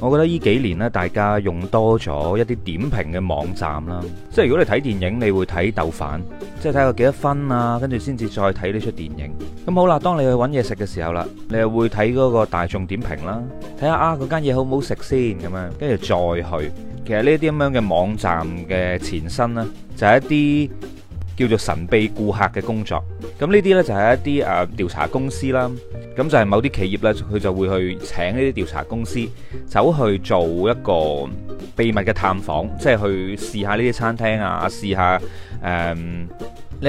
我覺得呢幾年咧，大家用多咗一啲點評嘅網站啦，即係如果你睇電影，你會睇豆瓣，即係睇個幾多分啊，跟住先至再睇呢出電影。咁好啦，當你去揾嘢食嘅時候啦，你又會睇嗰個大眾點評啦，睇下啊嗰間嘢好唔好食先咁樣，跟住再去。其實呢啲咁樣嘅網站嘅前身呢，就係一啲叫做神秘顧客嘅工作，咁呢啲呢，就係、是、一啲誒、啊、調查公司啦，咁就係某啲企業呢，佢就會去請呢啲調查公司走去做一個秘密嘅探訪，即係去試下呢啲餐廳啊，試下誒呢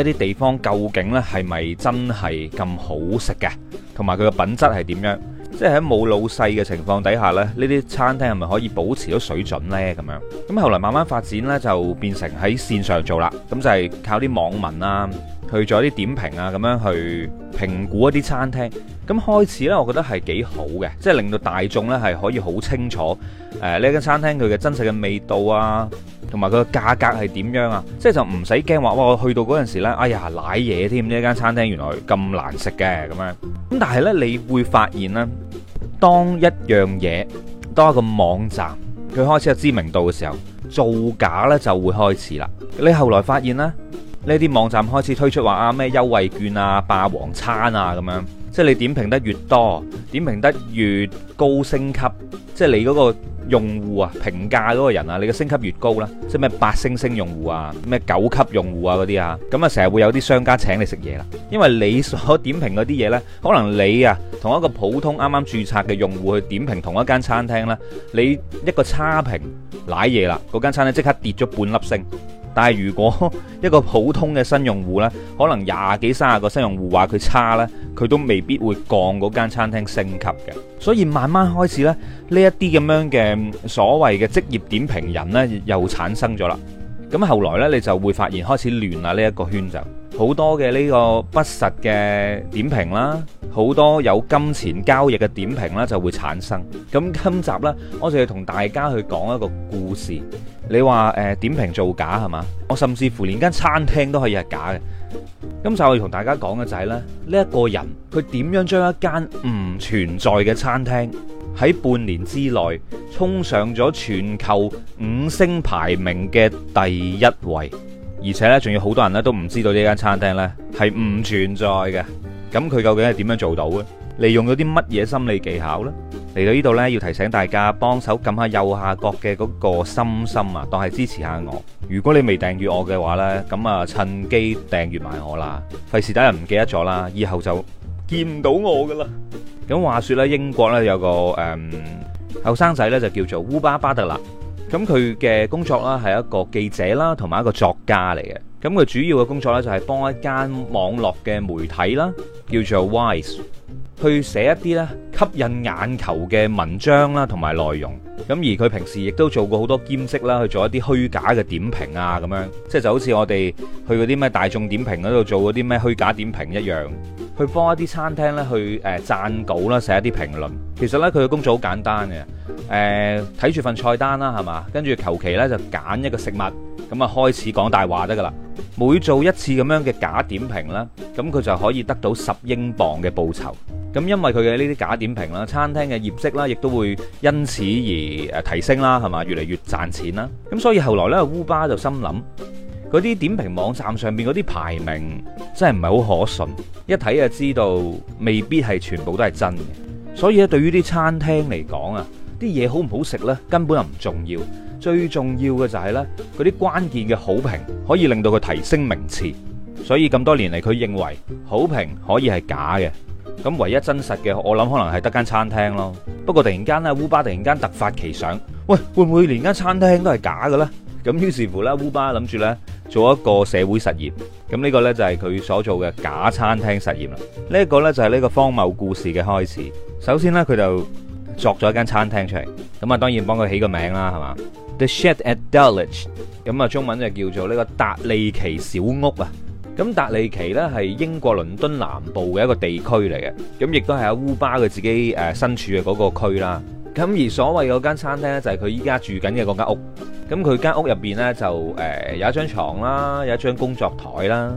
啲地方究竟呢係咪真係咁好食嘅，同埋佢嘅品質係點樣？即係喺冇老細嘅情況底下咧，呢啲餐廳係咪可以保持到水準呢？咁樣咁後嚟慢慢發展呢，就變成喺線上做啦。咁就係靠啲網民啦。去做一啲點評啊，咁樣去評估一啲餐廳。咁開始呢，我覺得係幾好嘅，即係令到大眾呢係可以好清楚，誒呢間餐廳佢嘅真實嘅味道啊，同埋佢嘅價格係點樣啊？即係就唔使驚話，哇！我去到嗰陣時呢，哎呀，瀨嘢添呢間餐廳，原來咁難食嘅咁樣。咁但係呢，你會發現呢，當一樣嘢，當一個網站佢開始有知名度嘅時候，造假呢就會開始啦。你後來發現呢。呢啲網站開始推出話啊咩優惠券啊、霸王餐啊咁樣，即係你點評得越多，點評得越高升級，即係你嗰個用戶啊評價嗰個人啊，你嘅升級越高啦，即係咩八星星用戶啊、咩九級用戶啊嗰啲啊，咁啊成日會有啲商家請你食嘢啦，因為你所點評嗰啲嘢呢，可能你啊同一個普通啱啱註冊嘅用戶去點評同一間餐廳咧，你一個差評瀨嘢啦，嗰間餐廳即刻跌咗半粒星。但係如果一個普通嘅新用戶呢，可能廿幾三十個新用戶話佢差呢，佢都未必會降嗰間餐廳升級嘅。所以慢慢開始咧，呢一啲咁樣嘅所謂嘅職業點評人呢，又產生咗啦。咁後來呢，你就會發現開始亂啦，呢一個圈就好多嘅呢個不實嘅點評啦，好多有金錢交易嘅點評啦就會產生。咁今集呢，我就要同大家去講一個故事。你話誒、呃、點評造假係嘛？我甚至乎連間餐廳都可以係假嘅。今集我要同大家講嘅就係咧，呢、這、一個人佢點樣將一間唔存在嘅餐廳喺半年之內衝上咗全球五星排名嘅第一位，而且呢，仲有好多人呢都唔知道呢間餐廳呢係唔存在嘅。咁佢究竟係點樣做到咧？利用咗啲乜嘢心理技巧呢？嚟到呢度呢，要提醒大家幫手撳下右下角嘅嗰個心心啊，當係支持下我。如果你未訂閱我嘅話呢，咁啊趁機訂閱埋我啦，費事等人唔記得咗啦，以後就見唔到我噶啦。咁話說呢，英國呢有個誒後生仔呢，嗯、就叫做烏巴巴特納。咁佢嘅工作啦，係一個記者啦，同埋一個作家嚟嘅。咁佢主要嘅工作呢，就係幫一間網絡嘅媒體啦，叫做 Wise。去寫一啲咧吸引眼球嘅文章啦，同埋內容。咁而佢平時亦都做過好多兼職啦，去做一啲虛假嘅點評啊，咁樣即係就好似我哋去嗰啲咩大眾點評嗰度做嗰啲咩虛假點評一樣。去幫一啲餐廳咧，去誒讚稿啦，寫一啲評論。其實咧，佢嘅工作好簡單嘅。誒、呃，睇住份菜單啦，係嘛？跟住求其咧就揀一個食物，咁啊開始講大話得㗎喇。每做一次咁樣嘅假點評啦，咁佢就可以得到十英鎊嘅報酬。咁因為佢嘅呢啲假點評啦，餐廳嘅業績啦，亦都會因此而誒提升啦，係嘛？越嚟越賺錢啦。咁所以後來咧，烏巴就心諗。嗰啲點評網站上邊嗰啲排名真係唔係好可信，一睇就知道未必係全部都係真嘅。所以咧，對於啲餐廳嚟講啊，啲嘢好唔好食呢，根本就唔重要，最重要嘅就係呢，嗰啲關鍵嘅好評可以令到佢提升名次。所以咁多年嚟，佢認為好評可以係假嘅。咁唯一真實嘅，我諗可能係得間餐廳咯。不過突然間呢，烏巴突然間突發奇想，喂，會唔會連間餐廳都係假嘅咧？咁於是乎呢，烏巴諗住呢。做一個社會實驗，咁、這、呢個呢，就係佢所做嘅假餐廳實驗啦。呢、這、一個呢，就係呢個荒謬故事嘅開始。首先呢，佢就作咗一間餐廳出嚟，咁啊當然幫佢起個名啦，係嘛？The Shed at Dulwich，咁啊中文就叫做呢個達利奇小屋啊。咁達利奇呢，係英國倫敦南部嘅一個地區嚟嘅，咁亦都係阿烏巴佢自己誒身處嘅嗰個區啦。咁而所謂嗰間餐廳咧，就係佢依家住緊嘅嗰間屋。咁佢間屋入邊咧，就、呃、誒有一張床啦，有一張工作台啦，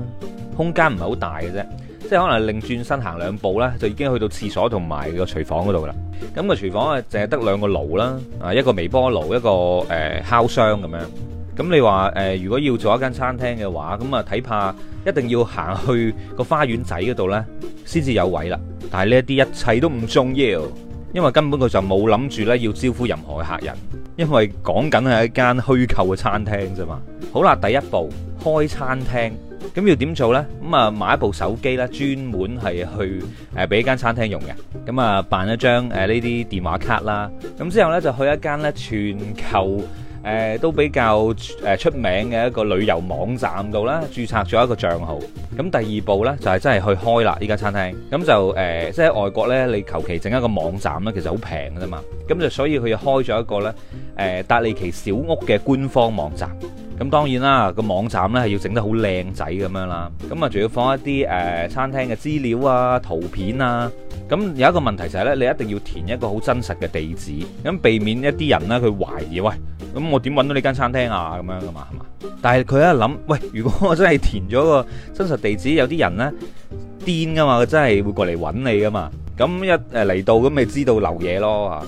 空間唔係好大嘅啫，即係可能另轉身行兩步咧，就已經去到廁所同埋、個廚房嗰度啦。咁個廚房啊，淨係得兩個爐啦，啊一個微波爐，一個誒、呃、烤箱咁樣。咁你話誒、呃，如果要做一間餐廳嘅話，咁啊睇怕一定要行去個花園仔嗰度咧，先至有位啦。但係呢一啲一切都唔重要。因為根本佢就冇諗住咧要招呼任何嘅客人，因為講緊係一間虛構嘅餐廳啫嘛。好啦，第一步開餐廳，咁要點做呢？咁啊買一部手機呢，專門係去誒俾、啊、一間餐廳用嘅。咁啊辦一張誒呢啲電話卡啦。咁之後呢，就去一間呢全球，誒、呃、都比較誒出名嘅一個旅遊網站度啦，註冊咗一個帳號。咁第二步呢，就係、是、真係去開啦呢間餐廳。咁就誒，即、呃、係、就是、外國呢，你求其整一個網站呢，其實好平嘅啫嘛。咁就所以佢開咗一個呢誒、呃、達利奇小屋嘅官方網站。咁當然啦，個網站呢係要整得好靚仔咁樣啦。咁啊，仲要放一啲誒、呃、餐廳嘅資料啊、圖片啊。咁有一個問題就係呢：你一定要填一個好真實嘅地址，咁避免一啲人呢佢懷疑，喂，咁我點揾到呢間餐廳啊？咁樣噶嘛，係嘛？但係佢一諗，喂，如果我真係填咗個真實地址，有啲人呢癲噶嘛，佢真係會過嚟揾你噶嘛。咁一誒嚟到，咁咪知道流嘢咯啊！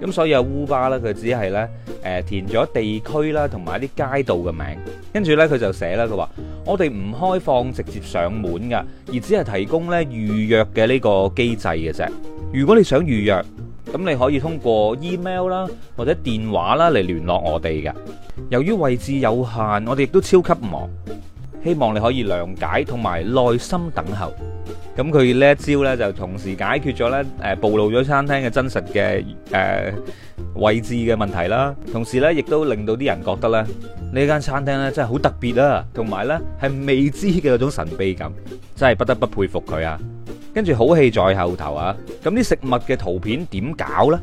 咁所以阿烏巴咧，佢只係咧誒填咗地區啦，同埋一啲街道嘅名，跟住咧佢就寫啦，佢話：我哋唔開放直接上門㗎，而只係提供咧預約嘅呢個機制嘅啫。如果你想預約，咁你可以通過 email 啦或者電話啦嚟聯絡我哋㗎。由於位置有限，我哋亦都超級忙，希望你可以諒解同埋耐心等候。咁佢呢一招咧，就同時解決咗咧，誒暴露咗餐廳嘅真實嘅誒位置嘅問題啦。同時咧，亦都令到啲人覺得咧，呢間餐廳咧真係好特別啦，同埋咧係未知嘅嗰種神秘感，真係不得不佩服佢啊！跟住好戲在後頭啊！咁啲食物嘅圖片點搞咧？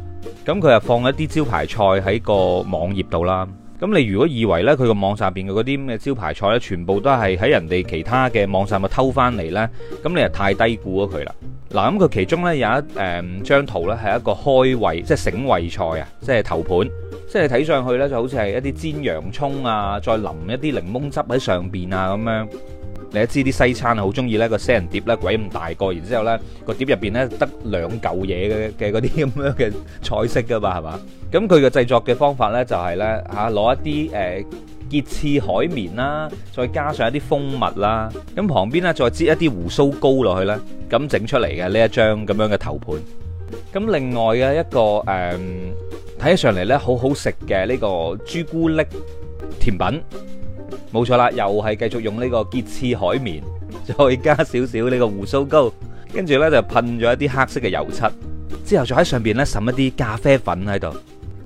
咁佢又放一啲招牌菜喺個網頁度啦。咁你如果以為呢，佢個網上邊嘅嗰啲咩招牌菜呢，全部都係喺人哋其他嘅網上邊偷翻嚟呢，咁你就太低估咗佢啦。嗱，咁佢其中呢有一誒張圖呢，係一個開胃，即係醒胃菜啊，即係頭盤，即係睇上去呢，就好似係一啲煎洋葱啊，再淋一啲檸檬汁喺上邊啊咁樣。你都知啲西餐啊，好中意咧個西人碟咧，鬼咁大個，然之後呢個碟入邊咧得兩嚿嘢嘅嘅嗰啲咁樣嘅菜式噶嘛，係嘛？咁佢嘅製作嘅方法呢，就係呢，嚇攞一啲誒潔廁海綿啦，再加上一啲蜂蜜啦，咁旁邊呢，再擠一啲鬍鬚膏落去、呃、呢，咁整出嚟嘅呢一張咁樣嘅頭盤。咁另外嘅一個誒睇起上嚟呢，好好食嘅呢個朱古力甜品。冇錯啦，又係繼續用呢個潔廁海綿，再加少少呢個鬍鬚膏，跟住咧就噴咗一啲黑色嘅油漆，之後再喺上邊咧滲一啲咖啡粉喺度，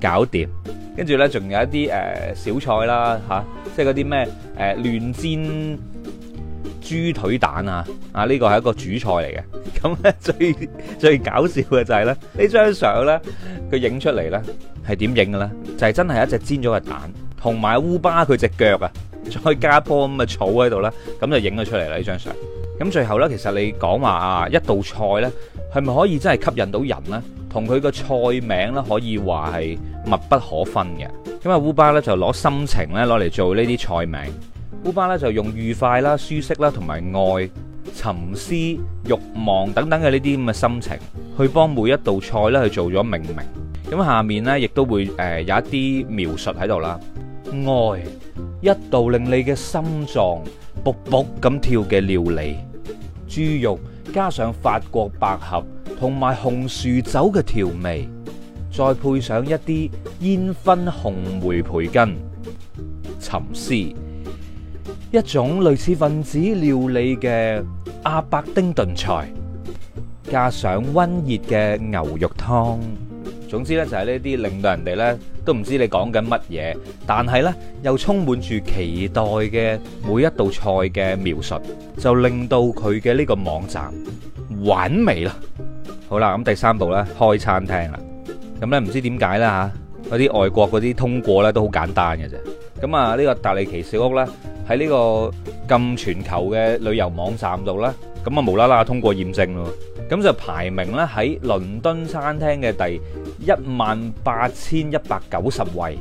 搞掂，跟住咧仲有一啲誒、呃、小菜啦吓、啊，即係嗰啲咩誒亂煎豬腿蛋啊，啊呢個係一個主菜嚟嘅，咁咧最最搞笑嘅就係咧呢張相咧，佢影出嚟咧係點影嘅咧？就係、是、真係一隻煎咗嘅蛋，同埋烏巴佢隻腳啊！再加一樖咁嘅草喺度咧，咁就影咗出嚟啦呢張相。咁最後呢，其實你講話啊一道菜呢，係咪可以真係吸引到人呢？同佢個菜名呢，可以話係密不可分嘅。咁啊，烏巴呢，就攞心情呢，攞嚟做呢啲菜名。烏巴呢，就用愉快啦、舒適啦、同埋愛、沉思、慾望等等嘅呢啲咁嘅心情，去幫每一道菜呢，去做咗命名。咁下面呢，亦都會誒有一啲描述喺度啦，愛。一道令你嘅心臟卜卜咁跳嘅料理，豬肉加上法國百合同埋紅薯酒嘅調味，再配上一啲煙燻紅梅培根。沉思，一種類似分子料理嘅阿伯丁燉菜，加上溫熱嘅牛肉湯。總之呢，就係呢啲令到人哋呢。都唔知你講緊乜嘢，但係咧又充滿住期待嘅每一道菜嘅描述，就令到佢嘅呢個網站玩味啦。好啦，咁第三步咧，開餐廳啦。咁咧唔知點解咧吓，嗰啲外國嗰啲通過咧都好簡單嘅啫。咁啊呢個達利奇小屋咧喺呢個咁全球嘅旅遊網站度咧，咁啊無啦啦通過驗證咯。咁就排名咧喺倫敦餐廳嘅第一萬八千一百九十位，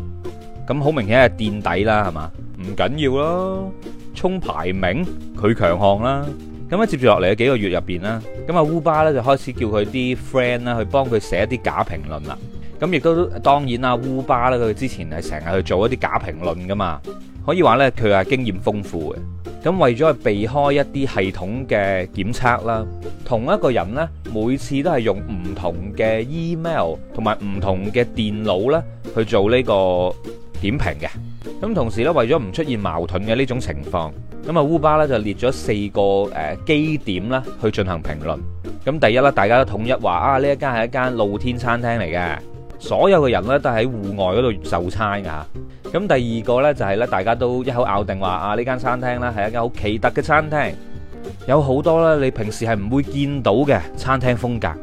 咁好明顯係墊底啦，係嘛？唔緊要咯，衝排名佢強項啦。咁咧接住落嚟嘅幾個月入邊啦，咁阿烏巴咧就開始叫佢啲 friend 啦去幫佢寫一啲假評論啦。咁亦都當然啦，烏巴咧佢之前係成日去做一啲假評論噶嘛。可以話呢，佢係經驗豐富嘅。咁為咗去避開一啲系統嘅檢測啦，同一個人呢，每次都係用唔同嘅 email 同埋唔同嘅電腦呢去做呢個點評嘅。咁同時呢，為咗唔出現矛盾嘅呢種情況，咁啊烏巴呢就列咗四個誒基點啦去進行評論。咁第一呢，大家都統一話啊，呢一間係一間露天餐廳嚟嘅。所有嘅人呢都喺戶外嗰度就餐噶，咁第二個呢，就係呢大家都一口咬定話啊呢間餐廳呢係一間好奇特嘅餐廳，有好多呢你平時係唔會見到嘅餐廳風格。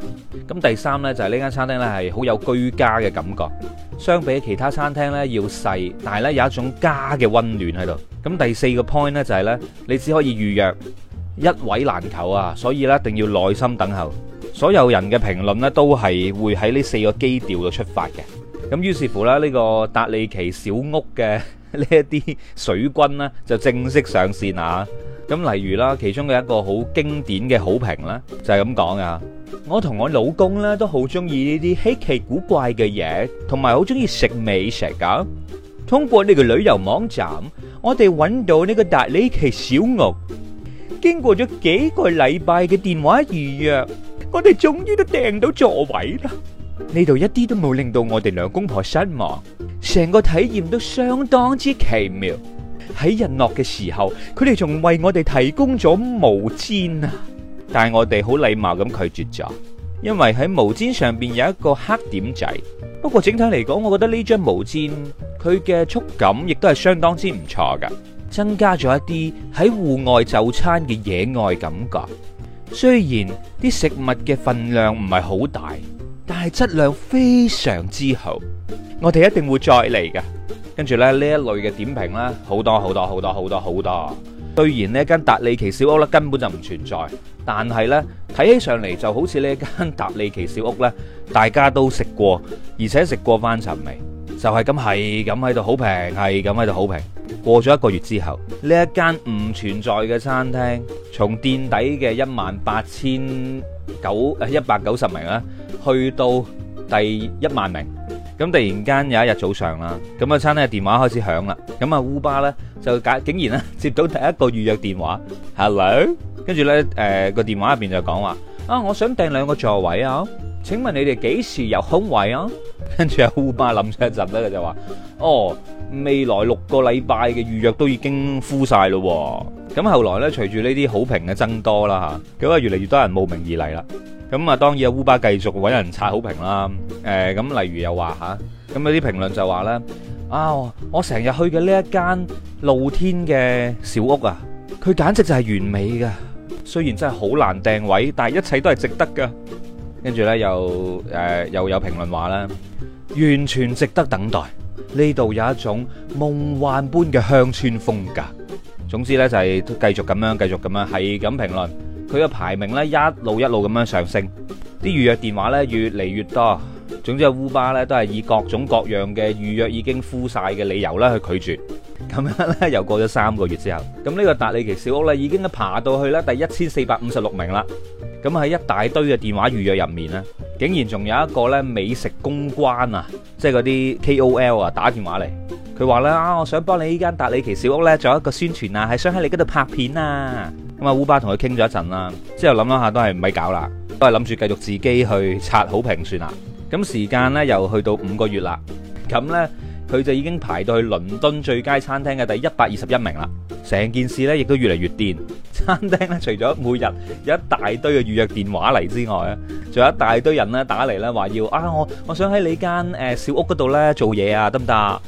咁第三呢，就係呢間餐廳呢係好有居家嘅感覺，相比其他餐廳呢，要細，但係呢有一種家嘅溫暖喺度。咁第四個 point 呢，就係呢：你只可以預約一位難求啊，所以呢一定要耐心等候。所有人嘅評論咧，都係會喺呢四個基調度出發嘅。咁於是乎咧，呢個達利奇小屋嘅呢一啲水軍咧，就正式上線啊。咁例如啦，其中嘅一個好經典嘅好評咧，就係咁講啊。我同我老公咧都好中意呢啲稀奇古怪嘅嘢，同埋好中意食美食噶。通過呢個旅遊網站，我哋揾到呢個達利奇小屋。經過咗幾個禮拜嘅電話預約。我哋終於都訂到座位啦！呢度一啲都冇令到我哋兩公婆失望，成個體驗都相當之奇妙。喺日落嘅時候，佢哋仲為我哋提供咗毛氈啊，但係我哋好禮貌咁拒絕咗，因為喺毛氈上邊有一個黑點仔。不過整體嚟講，我覺得呢張毛氈佢嘅觸感亦都係相當之唔錯㗎，增加咗一啲喺戶外就餐嘅野外感覺。雖然啲食物嘅份量唔係好大，但係質量非常之好，我哋一定會再嚟嘅。跟住咧，呢一類嘅點評啦，好多好多好多好多好多。雖然呢間達利奇小屋咧根本就唔存在，但係呢睇起上嚟就好似呢間達利奇小屋呢，大家都食過，而且食過翻尋味，就係咁係咁喺度好平，係咁喺度好平。過咗一個月之後，呢一間唔存在嘅餐廳，從墊底嘅一萬八千九，誒一百九十名咧，去到第一萬名。咁突然間有一日早上啦，咁個餐廳嘅電話開始響啦。咁啊烏巴呢，就解，竟然咧接到第一個預約電話，hello，跟住呢誒個、呃、電話入邊就講話啊，我想訂兩個座位啊。請問你哋幾時有空位啊？跟住阿烏巴諗咗一陣呢，佢就話：哦、oh,。未來六個禮拜嘅預約都已經敷晒咯，咁後來呢，隨住呢啲好評嘅增多啦，吓，咁啊，越嚟越多人慕名而嚟啦。咁啊，當然阿烏巴繼續搵人刷好評啦。誒、呃，咁例如又話吓，咁有啲評論就話呢，啊、哦，我成日去嘅呢一間露天嘅小屋啊，佢簡直就係完美噶。雖然真係好難訂位，但係一切都係值得噶。跟住呢，又、呃、誒又有評論話咧，完全值得等待。呢度有一種夢幻般嘅鄉村風格。總之呢，就係繼續咁樣，繼續咁樣，係咁評論。佢嘅排名呢，一路一路咁樣上升，啲預約電話呢，越嚟越多。總之，烏巴咧都係以各種各樣嘅預約已經敷晒嘅理由咧去拒絕，咁樣咧又過咗三個月之後，咁呢個達里奇小屋啦已經爬到去咧第一千四百五十六名啦。咁喺一大堆嘅電話預約入面咧，竟然仲有一個咧美食公關啊，即係嗰啲 KOL 啊打電話嚟，佢話咧啊，我想幫你呢間達里奇小屋咧做一個宣傳啊，係想喺你嗰度拍片啊。咁啊，烏巴同佢傾咗一陣啦，之後諗一下都係唔係搞啦，都係諗住繼續自己去刷好評算啦。咁時間呢又去到五個月啦，咁呢，佢就已經排到去倫敦最佳餐廳嘅第一百二十一名啦。成件事呢，亦都越嚟越癲，餐廳呢除咗每日有一大堆嘅預約電話嚟之外，咧仲有一大堆人呢打嚟呢話要啊我我想喺你間誒、呃、小屋嗰度呢，做嘢啊得唔得？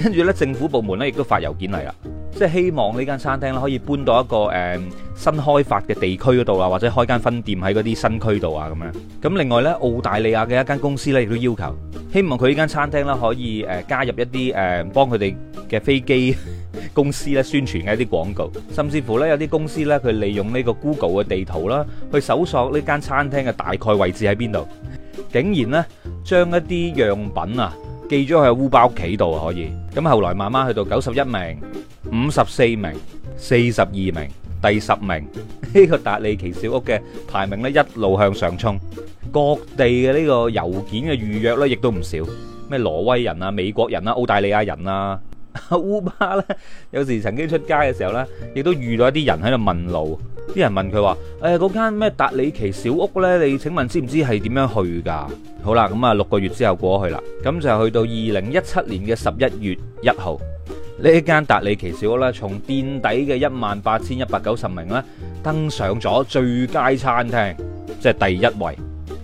跟住呢，政府部門呢亦都發郵件嚟啦，即係希望呢間餐廳咧可以搬到一個誒、呃、新開發嘅地區嗰度啊，或者開間分店喺嗰啲新區度啊咁樣。咁另外呢，澳大利亞嘅一間公司呢亦都要求，希望佢呢間餐廳呢可以誒、呃、加入一啲誒幫佢哋嘅飛機公司呢宣傳嘅一啲廣告，甚至乎呢，有啲公司呢，佢利用呢個 Google 嘅地圖啦，去搜索呢間餐廳嘅大概位置喺邊度，竟然呢將一啲樣品啊寄咗去烏巴屋企度可以。咁後來慢慢去到九十一名、五十四名、四十二名、第十名，呢個達利奇小屋嘅排名呢一路向上衝，各地嘅呢個郵件嘅預約呢亦都唔少，咩挪威人啊、美國人啊、澳大利亞人啊，烏巴呢。有時曾經出街嘅時候呢，亦都遇到一啲人喺度問路。啲人問佢話，誒、呃、嗰間咩達里奇小屋呢？你請問知唔知係點樣去㗎？好啦，咁、嗯、啊六個月之後過去啦，咁、嗯、就去到二零一七年嘅十一月一號，呢間達里奇小屋呢，從墊底嘅一萬八千一百九十名咧，登上咗最佳餐廳，即係第一位。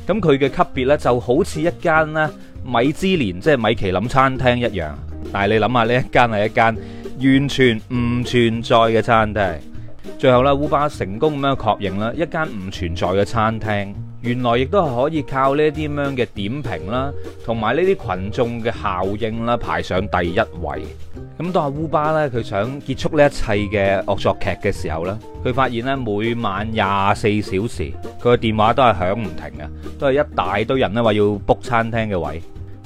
咁佢嘅級別呢，就好似一間咧米芝蓮，即係米其林餐廳一樣。但係你諗下，呢一間係一間完全唔存在嘅餐廳。最後咧，烏巴成功咁樣確認啦，一間唔存在嘅餐廳，原來亦都係可以靠呢啲咁樣嘅點評啦，同埋呢啲群眾嘅效應啦，排上第一位。咁當阿烏巴咧，佢想結束呢一切嘅惡作劇嘅時候咧，佢發現咧每晚廿四小時，佢嘅電話都係響唔停嘅，都係一大堆人咧話要 book 餐廳嘅位。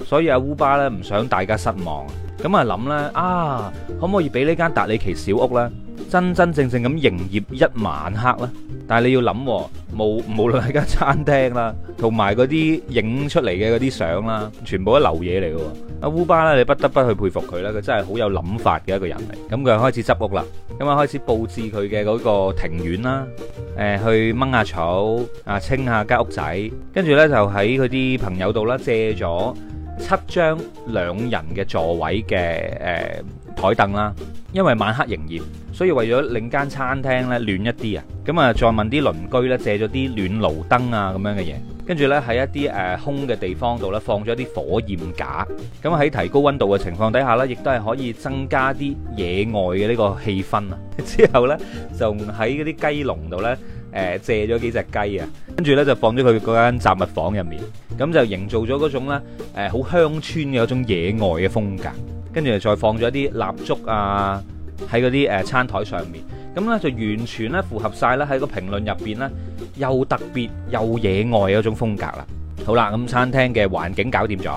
所以阿烏巴咧唔想大家失望，咁啊諗咧啊，可唔可以俾呢間達里奇小屋呢？真真正正咁營業一晚黑啦，但係你要諗，無無論係間餐廳啦，同埋嗰啲影出嚟嘅嗰啲相啦，全部都流嘢嚟㗎。阿烏巴咧，你不得不去佩服佢啦，佢真係好有諗法嘅一個人嚟。咁佢開始執屋啦，咁啊開始佈置佢嘅嗰個庭院啦，誒去掹下草啊，清下間屋仔，跟住呢就喺佢啲朋友度啦借咗七張兩人嘅座位嘅誒枱凳啦，因為晚黑營業。所以為咗令間餐廳咧暖一啲啊，咁啊再問啲鄰居咧借咗啲暖爐燈啊咁樣嘅嘢，跟住咧喺一啲誒空嘅地方度咧放咗一啲火焰架，咁喺提高溫度嘅情況底下咧，亦都係可以增加啲野外嘅呢個氣氛啊。之後咧就喺嗰啲雞籠度咧誒借咗幾隻雞啊，跟住咧就放咗佢嗰間雜物房入面，咁就營造咗嗰種咧誒好鄉村嘅一種野外嘅風格，跟住又再放咗一啲蠟燭啊。喺嗰啲誒餐台上面，咁呢就完全咧符合晒咧喺個評論入邊呢，又特別又野外嗰種風格啦。好啦，咁餐廳嘅環境搞掂咗，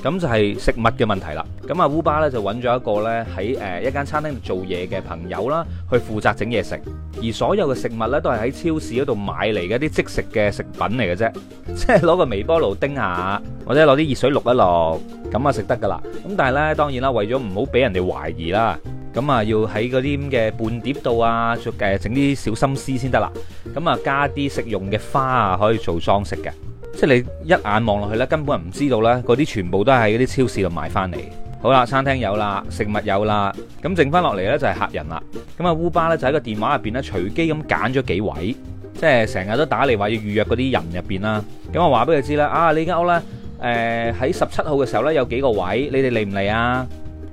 咁就係食物嘅問題啦。咁啊，烏巴呢就揾咗一個呢喺誒一間餐廳度做嘢嘅朋友啦，去負責整嘢食。而所有嘅食物呢都係喺超市嗰度買嚟嘅啲即食嘅食品嚟嘅啫，即係攞個微波爐叮下，或者攞啲熱水淥一淥，咁啊食得噶啦。咁但係呢，當然啦，為咗唔好俾人哋懷疑啦，咁啊要喺嗰啲咁嘅半碟度啊，誒整啲小心思先得啦。咁啊加啲食用嘅花啊，可以做裝飾嘅。即係你一眼望落去咧，根本唔知道呢嗰啲全部都係喺啲超市度買翻嚟。好啦，餐廳有啦，食物有啦，咁剩翻落嚟呢，就係客人啦。咁啊，烏巴呢，就喺個電話入邊咧隨機咁揀咗幾位，即係成日都打嚟話要預約嗰啲人入邊啦。咁我話俾佢知咧，啊，呢間屋呢，誒喺十七號嘅時候呢，有幾個位，你哋嚟唔嚟啊？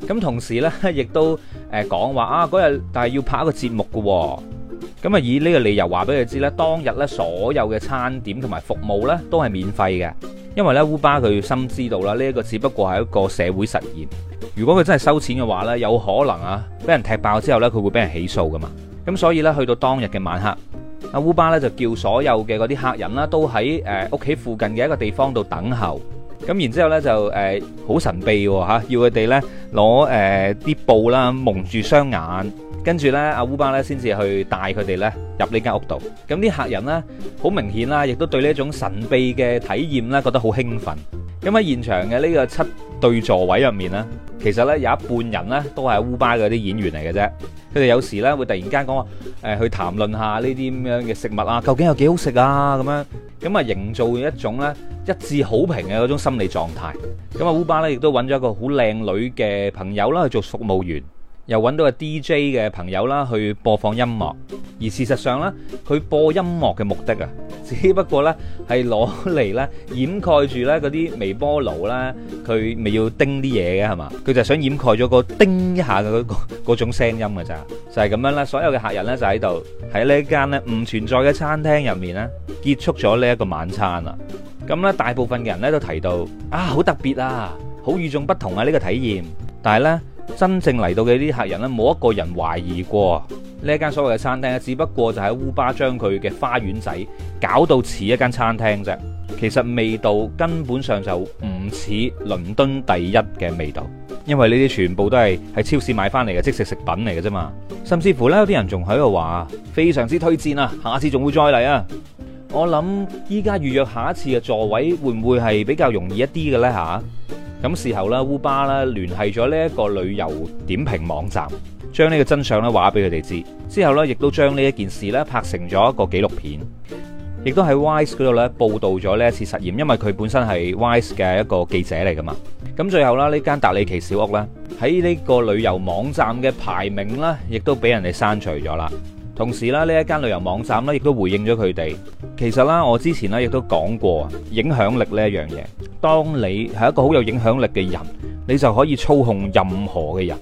咁同時呢，亦都誒講話啊，嗰日但係要拍一個節目嘅喎、哦。咁啊，以呢個理由話俾佢知咧，當日咧所有嘅餐點同埋服務咧都係免費嘅，因為咧烏巴佢深知道啦，呢一個只不過係一個社會實驗。如果佢真係收錢嘅話咧，有可能啊，俾人踢爆之後咧，佢會俾人起訴噶嘛。咁所以咧，去到當日嘅晚黑，阿烏巴咧就叫所有嘅嗰啲客人啦，都喺誒屋企附近嘅一個地方度等候。咁然之後咧就誒好神秘吓，要佢哋咧攞誒啲布啦蒙住雙眼。跟住咧，阿烏巴咧先至去帶佢哋咧入呢間屋度。咁啲客人咧，好明顯啦，亦都對呢一種神秘嘅體驗咧，覺得好興奮。咁喺現場嘅呢個七對座位入面咧，其實咧有一半人咧都係烏巴嗰啲演員嚟嘅啫。佢哋有時咧會突然間講話，誒去談論下呢啲咁樣嘅食物啊，究竟有幾好食啊？咁樣咁啊，營造一種咧一致好評嘅嗰種心理狀態。咁啊，烏巴咧亦都揾咗一個好靚女嘅朋友啦去做服務員。又揾到個 DJ 嘅朋友啦，去播放音樂。而事實上咧，佢播音樂嘅目的啊，只不過咧係攞嚟咧掩蓋住咧嗰啲微波爐咧，佢咪要叮啲嘢嘅係嘛？佢就係想掩蓋咗個叮一下嘅嗰個嗰種聲音嘅咋，就係咁樣啦。所有嘅客人咧就喺度喺呢間咧唔存在嘅餐廳入面咧結束咗呢一個晚餐啦。咁咧大部分嘅人咧都提到啊，好特別啊，好與眾不同啊，呢個體驗。但係咧。真正嚟到嘅呢啲客人呢，冇一個人懷疑過呢間所謂嘅餐廳嘅，只不過就喺烏巴將佢嘅花園仔搞到似一間餐廳啫。其實味道根本上就唔似倫敦第一嘅味道，因為呢啲全部都係喺超市買翻嚟嘅即食食品嚟嘅啫嘛。甚至乎呢，有啲人仲喺度話非常之推薦啊，下次仲會再嚟啊。我諗依家預約下一次嘅座位會唔會係比較容易一啲嘅咧嚇？咁事後咧，烏巴咧聯繫咗呢一個旅遊點評網站，將呢個真相咧話俾佢哋知。之後咧，亦都將呢一件事咧拍成咗一個紀錄片，亦都喺 Vice 嗰度咧報導咗呢一次實驗。因為佢本身係 Vice 嘅一個記者嚟噶嘛。咁最後咧，呢間達里奇小屋咧喺呢個旅遊網站嘅排名咧，亦都俾人哋刪除咗啦。同時啦，呢一間旅遊網站咧，亦都回應咗佢哋。其實啦，我之前咧亦都講過，影響力呢一樣嘢。當你係一個好有影響力嘅人，你就可以操控任何嘅人。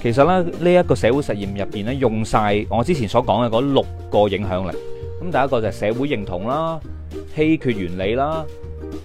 其實咧，呢一個社會實驗入邊咧，用曬我之前所講嘅嗰六個影響力。咁第一個就係社會認同啦、稀缺原理啦、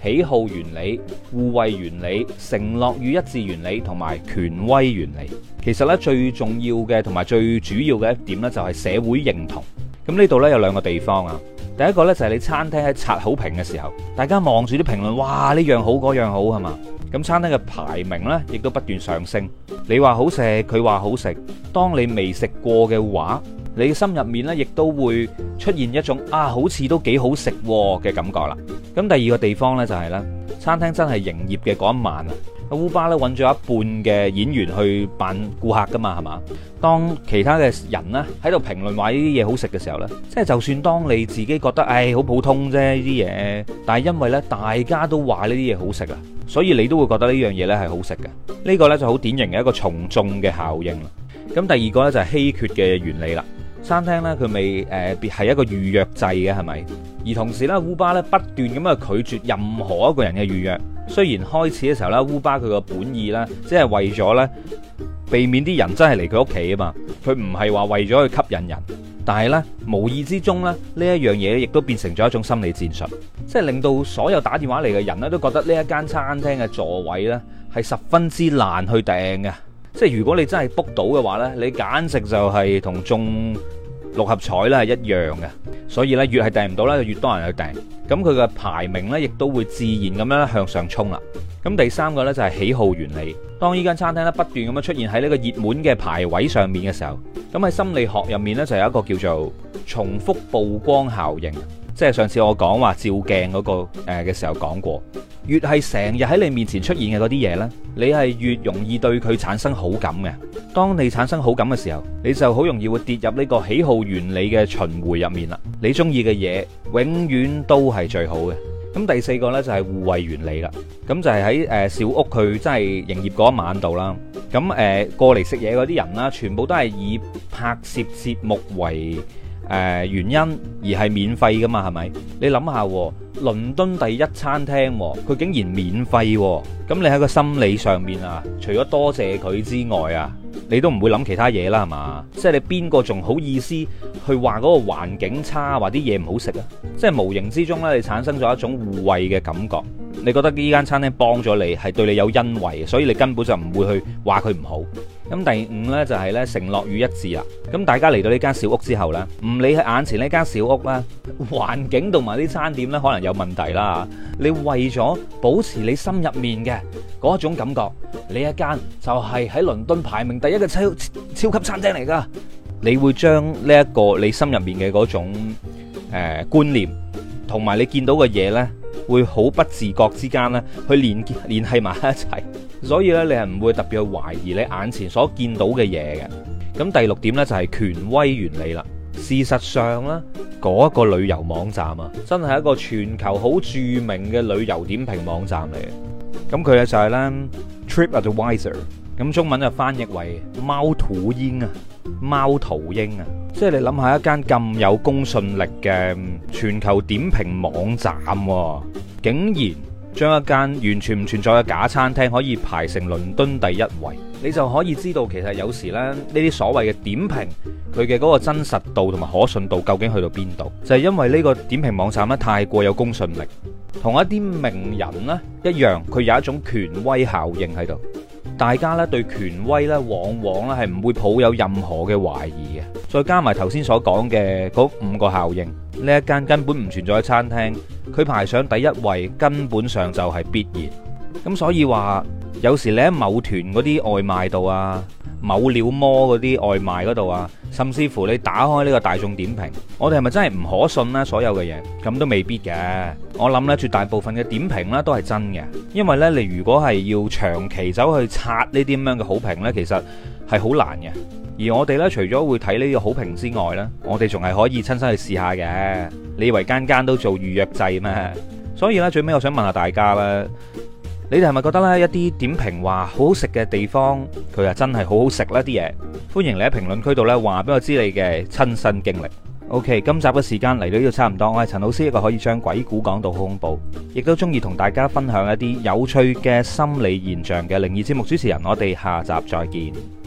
喜好原理、互惠原理、承諾與一致原理同埋權威原理。其實咧，最重要嘅同埋最主要嘅一點呢，就係社會認同。咁呢度呢，有兩個地方啊。第一個呢，就係你餐廳喺刷好評嘅時候，大家望住啲評論，哇，呢樣好嗰樣好係嘛？咁餐廳嘅排名呢，亦都不斷上升。你話好食，佢話好食。當你未食過嘅話，你心入面呢，亦都會出現一種啊，好似都幾好食嘅感覺啦。咁第二個地方呢，就是，就係呢餐廳真係營業嘅嗰一晚啊。烏巴咧，搵咗一半嘅演員去扮顧客噶嘛，係嘛？當其他嘅人咧，喺度評論話呢啲嘢好食嘅時候呢，即係就算當你自己覺得誒好普通啫呢啲嘢，但係因為咧，大家都話呢啲嘢好食啊，所以你都會覺得呢樣嘢咧，係好食嘅。呢、呢個呢就好典型嘅一個從眾嘅效應啦。咁第二個呢，就係稀缺嘅原理啦。餐廳咧佢未誒，別係一個預約制嘅，係咪？而同時咧，烏巴咧不斷咁啊拒絕任何一個人嘅預約。雖然開始嘅時候咧，烏巴佢個本意咧，即係為咗咧避免啲人真係嚟佢屋企啊嘛，佢唔係話為咗去吸引人，但係咧無意之中咧呢一樣嘢亦都變成咗一種心理戰術，即係令到所有打電話嚟嘅人咧都覺得呢一間餐廳嘅座位咧係十分之難去訂嘅。即係如果你真係 book 到嘅話咧，你簡直就係同中六合彩咧係一樣嘅，所以咧越係訂唔到咧，就越多人去訂，咁佢嘅排名咧亦都會自然咁樣向上衝啦。咁第三個咧就係喜好原理，當呢間餐廳咧不斷咁樣出現喺呢個熱門嘅排位上面嘅時候，咁喺心理學入面咧就有一個叫做重複曝光效應。即係上次我講話照鏡嗰、嗰個嘅、呃、時候講過，越係成日喺你面前出現嘅嗰啲嘢呢，你係越容易對佢產生好感嘅。當你產生好感嘅時候，你就好容易會跌入呢個喜好原理嘅循環入面啦。你中意嘅嘢永遠都係最好嘅。咁第四個呢，就係、係、互惠原理啦。咁就係喺誒小屋佢真係營業嗰一晚度啦。咁誒、呃、過嚟食嘢嗰啲人啦，全部都係以拍攝節目為誒原因而係免費㗎嘛，係咪？你諗下喎，倫敦第一餐廳，佢竟然免費，咁你喺個心理上面啊，除咗多謝佢之外啊。你都唔會諗其他嘢啦，係嘛？即係你邊個仲好意思去話嗰個環境差，話啲嘢唔好食啊？即係無形之中呢，你產生咗一種互惠嘅感覺，你覺得呢間餐廳幫咗你，係對你有恩惠，所以你根本就唔會去話佢唔好。咁第五呢，就係、是、咧承諾與一致啊！咁大家嚟到，呢間小屋之後呢，唔理喺眼前呢間小屋啦，環境同埋啲餐點呢，可能有問題啦，你為咗保持你心入面嘅嗰種感覺，你一間就係喺倫敦排名。第一個超超級餐廳嚟㗎，你會將呢一個你心入面嘅嗰種誒、呃、觀念，同埋你見到嘅嘢呢，會好不自覺之間咧去連連係埋一齊。所以呢，你係唔會特別去懷疑你眼前所見到嘅嘢嘅。咁第六點呢，就係、是、權威原理啦。事實上呢，嗰、那個旅遊網站啊，真係一個全球好著名嘅旅遊點評網站嚟嘅。咁佢呢，就係、是、呢，TripAdvisor。咁中文就翻譯為「貓途鷹」啊，貓途鷹啊，貓途鷹啊，即係你諗下一間咁有公信力嘅全球點評網站啊，竟然將一間完全唔存在嘅假餐廳可以排成倫敦第一位，你就可以知道其實有時咧呢啲所謂嘅點評，佢嘅嗰個真實度同埋可信度究竟去到邊度？就係因為呢個點評網站咧太過有公信力，同一啲名人咧一樣，佢有一種權威效應喺度。大家咧對權威咧，往往咧係唔會抱有任何嘅懷疑嘅。再加埋頭先所講嘅嗰五個效應，呢一間根本唔存在嘅餐廳，佢排上第一位，根本上就係必然。咁所以話。有時你喺某團嗰啲外賣度啊，某了魔嗰啲外賣嗰度啊，甚至乎你打開呢個大眾點評，我哋係咪真係唔可信咧？所有嘅嘢咁都未必嘅。我諗呢絕大部分嘅點評呢都係真嘅，因為呢，你如果係要長期走去刷呢啲咁樣嘅好評呢，其實係好難嘅。而我哋呢，除咗會睇呢個好評之外呢，我哋仲係可以親身去試下嘅。你以為間間都做預約制咩？所以呢，最尾我想問下大家啦。你哋係咪覺得呢？一啲點評話好好食嘅地方，佢啊真係好好食，呢啲嘢，歡迎評論區你喺評論區度咧話俾我知你嘅親身經歷。OK，今集嘅時間嚟到呢度差唔多。我係陳老師，一個可以將鬼故講到好恐怖，亦都中意同大家分享一啲有趣嘅心理現象嘅靈異節目主持人。我哋下集再見。